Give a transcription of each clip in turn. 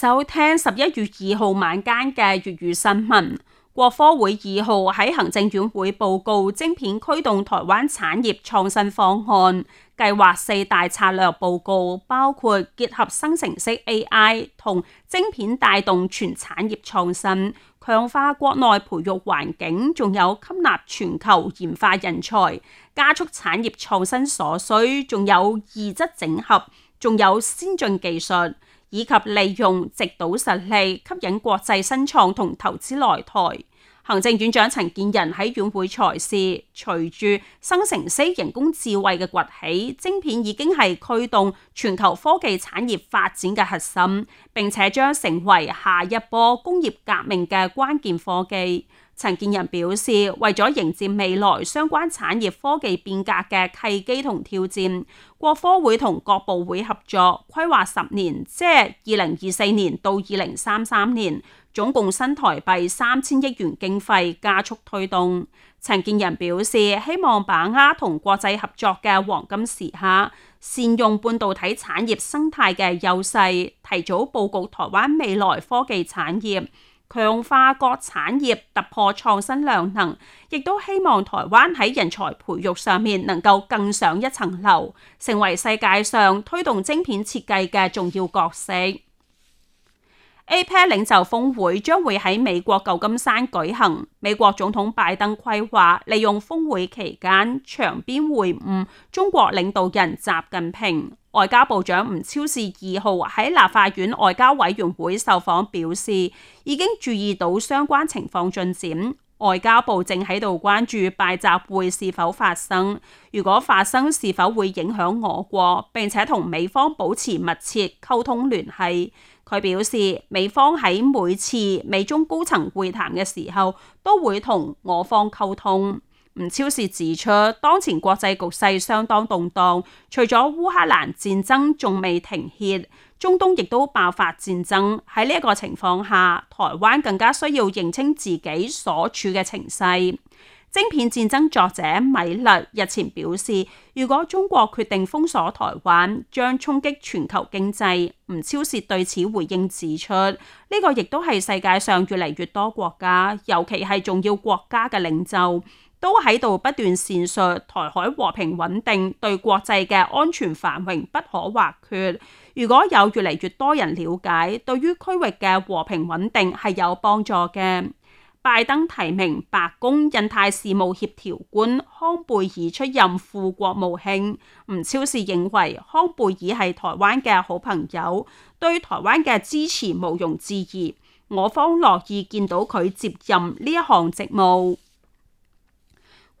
收聽十一月二號晚間嘅粵語新聞。國科會二號喺行政院會報告晶片驅動台灣產業創新方案，計劃四大策略報告包括結合生成式 AI 同晶片帶動全產業創新，強化國內培育環境，仲有吸納全球研發人才，加速產業創新所需，仲有異質整合，仲有先進技術。以及利用矽島實力吸引國際新創同投資來台。行政院長陳建仁喺院會裁示，隨住生成式人工智慧嘅崛起，晶片已經係驅動全球科技產業發展嘅核心，並且將成為下一波工業革命嘅關鍵科技。陳建仁表示，為咗迎接未來相關產業科技變革嘅契機同挑戰，國科會同各部會合作規劃十年，即係二零二四年到二零三三年，總共新台幣三千億元經費加速推動。陳建仁表示，希望把握同國際合作嘅黃金時刻，善用半導體產業生態嘅優勢，提早布局台灣未來科技產業。強化各產業，突破創新量能，亦都希望台灣喺人才培育上面能夠更上一層樓，成為世界上推動晶片設計嘅重要角色。APEC 領袖峰會將會喺美國舊金山舉行，美國總統拜登規劃利用峰會期間場邊會晤中國領導人習近平。外交部長吳釗燮二號喺立法院外交委員會受訪表示，已經注意到相關情況進展，外交部正喺度關注拜習會是否發生，如果發生是否會影響我國，並且同美方保持密切溝通聯繫。佢表示，美方喺每次美中高層會談嘅時候，都會同我方溝通。吳超士指出，當前國際局勢相當動盪，除咗烏克蘭戰爭仲未停歇，中東亦都爆發戰爭。喺呢一個情況下，台灣更加需要認清自己所處嘅情勢。晶片戰爭作者米勒日前表示，如果中國決定封鎖台灣，將衝擊全球經濟。吳釗燮對此回應指出，呢、這個亦都係世界上越嚟越多國家，尤其係重要國家嘅領袖，都喺度不斷闡述台海和平穩定對國際嘅安全繁榮不可或缺。如果有越嚟越多人了解，對於區域嘅和平穩定係有幫助嘅。拜登提名白宮印太事務協調官康貝爾出任副國務卿。吳釗燮認為康貝爾係台灣嘅好朋友，對台灣嘅支持毋庸置疑，我方樂意見到佢接任呢一項職務。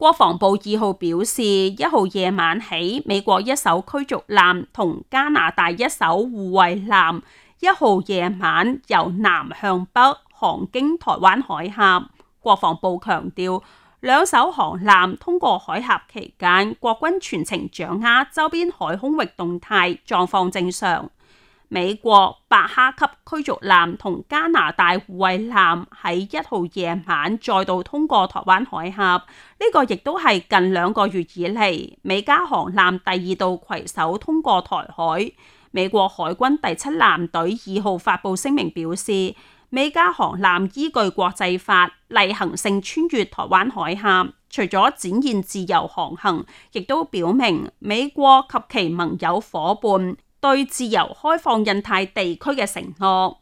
國防部二號表示，一號夜晚起，美國一艘驅逐艦同加拿大一艘護衛艦一號夜晚由南向北航經台灣海峽。國防部強調，兩艘航艦通過海峽期間，國軍全程掌握周邊海空域動態狀況正常。美國白哈級驅逐艦同加拿大護衛艦喺一號夜晚再度通過台灣海峽，呢個亦都係近兩個月以嚟美加航艦第二度攜手通過台海。美國海軍第七艦隊二號發布聲明表示，美加航艦依據國際法例行性穿越台灣海峽，除咗展現自由航行，亦都表明美國及其盟友伙伴。對自由開放印太地區嘅承諾。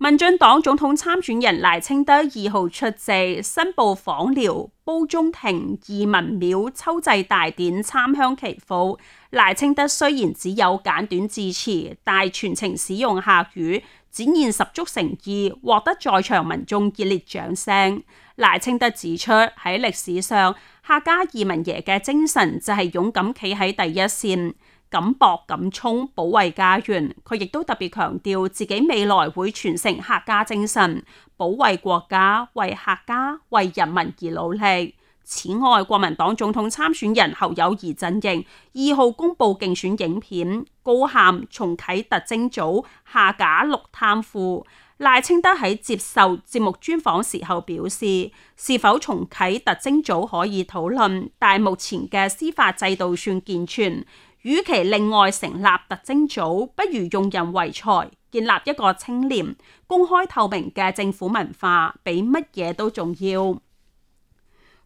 民進黨總統參選人賴清德二號出席新埔枋寮褒忠亭義民廟秋祭大典參香祈福。賴清德雖然只有簡短致辭，但全程使用客語，展現十足誠意，獲得在場民眾熱烈掌聲。賴清德指出，喺歷史上，客家義民爺嘅精神就係勇敢企喺第一線，敢搏敢衝，保衛家園。佢亦都特別強調自己未來會傳承客家精神，保衛國家，為客家、為人民而努力。此外，國民黨總統參選人侯友宜陣營二號公佈競選影片，高喊重啟特偵組，下架綠貪腐。賴清德喺接受節目專訪時候表示，是否重啟特偵組可以討論，但目前嘅司法制度算健全。與其另外成立特偵組，不如用人唯才，建立一個清廉、公開透明嘅政府文化，比乜嘢都重要。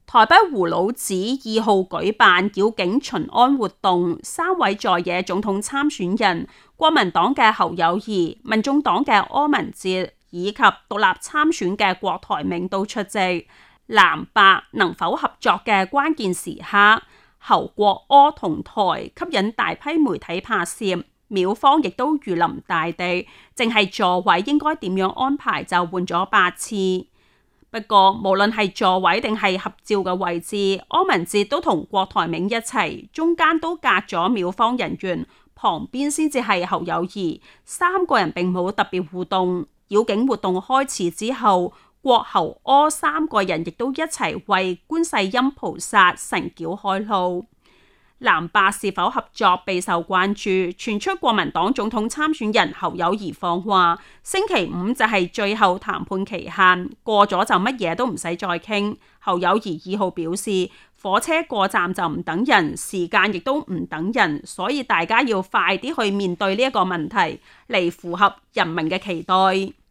台北葫蘆寺二號舉辦遶境巡安活動，三位在野總統參選人，國民黨嘅侯友宜、民眾黨嘅柯文哲以及獨立參選嘅郭台銘都出席，藍白能否合作嘅關鍵時刻。侯國柯同台吸引大批媒體拍攝，廟方亦都如臨大敵。淨係座位應該點樣安排就換咗八次。不過無論係座位定係合照嘅位置，柯文哲都同郭台銘一齊，中間都隔咗廟方人員，旁邊先至係侯友宜，三個人並冇特別互動。繞境活動開始之後。郭侯柯三個人亦都一齊為觀世音菩薩神轎開路。藍白是否合作備受關注，傳出國民黨總統參選人侯友宜放話：星期五就係最後談判期限，過咗就乜嘢都唔使再傾。侯友宜二號表示：火車過站就唔等人，時間亦都唔等人，所以大家要快啲去面對呢一個問題，嚟符合人民嘅期待。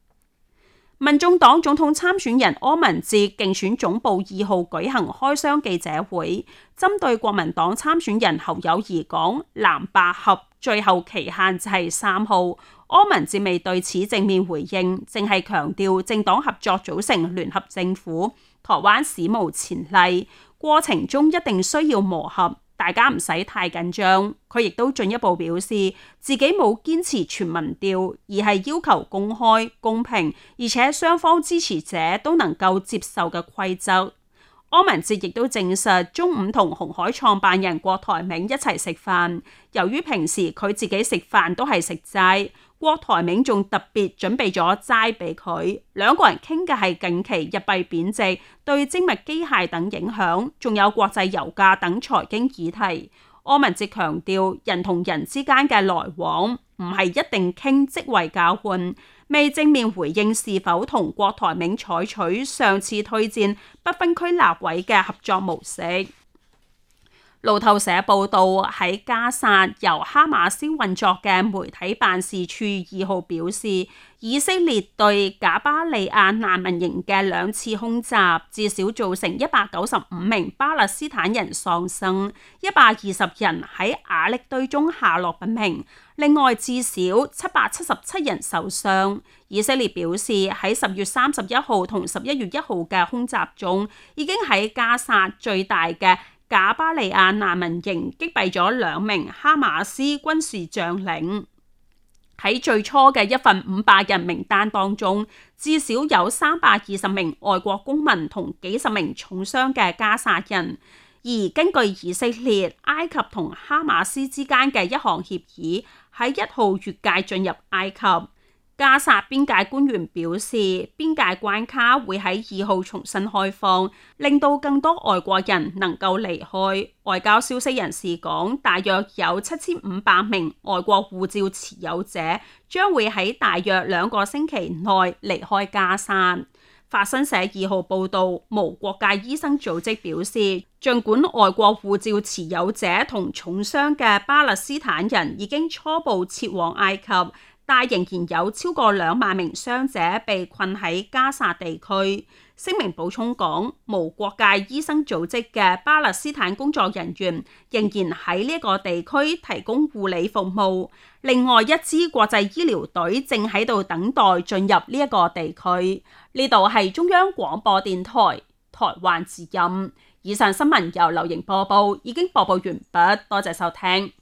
民眾黨總統參選人柯文哲競選總部二號舉行開箱記者會，針對國民黨參選人侯友宜講藍白合最後期限就係三號，柯文哲未對此正面回應，淨係強調政黨合作組成聯合政府，台灣史無前例，過程中一定需要磨合。大家唔使太緊張，佢亦都進一步表示自己冇堅持全民調，而係要求公開、公平，而且雙方支持者都能夠接受嘅規則。柯文哲亦都證實中午同鴻海創辦人郭台銘一齊食飯，由於平時佢自己食飯都係食齋。郭台銘仲特別準備咗齋俾佢，兩個人傾嘅係近期日幣貶值對精密機械等影響，仲有國際油價等財經議題。柯文哲強調人同人之間嘅來往唔係一定傾即為交換，未正面回應是否同郭台銘採取上次推薦不分區立委嘅合作模式。路透社報道喺加薩由哈馬斯運作嘅媒體辦事處二號表示，以色列對賈巴利亞難民營嘅兩次空襲，至少造成一百九十五名巴勒斯坦人喪生，一百二十人喺瓦礫堆中下落不明，另外至少七百七十七人受傷。以色列表示喺十月三十一號同十一月一號嘅空襲中，已經喺加薩最大嘅。賈巴利亞難民營擊斃咗兩名哈馬斯軍事將領。喺最初嘅一份五百人名單當中，至少有三百二十名外國公民同幾十名重傷嘅加沙人，而根據以色列、埃及同哈馬斯之間嘅一項協議，喺一號月界進入埃及。加薩邊界官員表示，邊界關卡會喺二號重新開放，令到更多外國人能夠離開。外交消息人士講，大約有七千五百名外國護照持有者將會喺大約兩個星期內離開加薩。法新社二號報導，無國界醫生組織表示，儘管外國護照持有者同重傷嘅巴勒斯坦人已經初步撤往埃及。但仍然有超過兩萬名傷者被困喺加薩地區。聲明補充講，無國界醫生組織嘅巴勒斯坦工作人員仍然喺呢一個地區提供護理服務。另外一支國際醫療隊正喺度等待進入呢一個地區。呢度係中央廣播電台台灣之音。以上新聞由劉瑩播報，已經播報完畢。多謝收聽。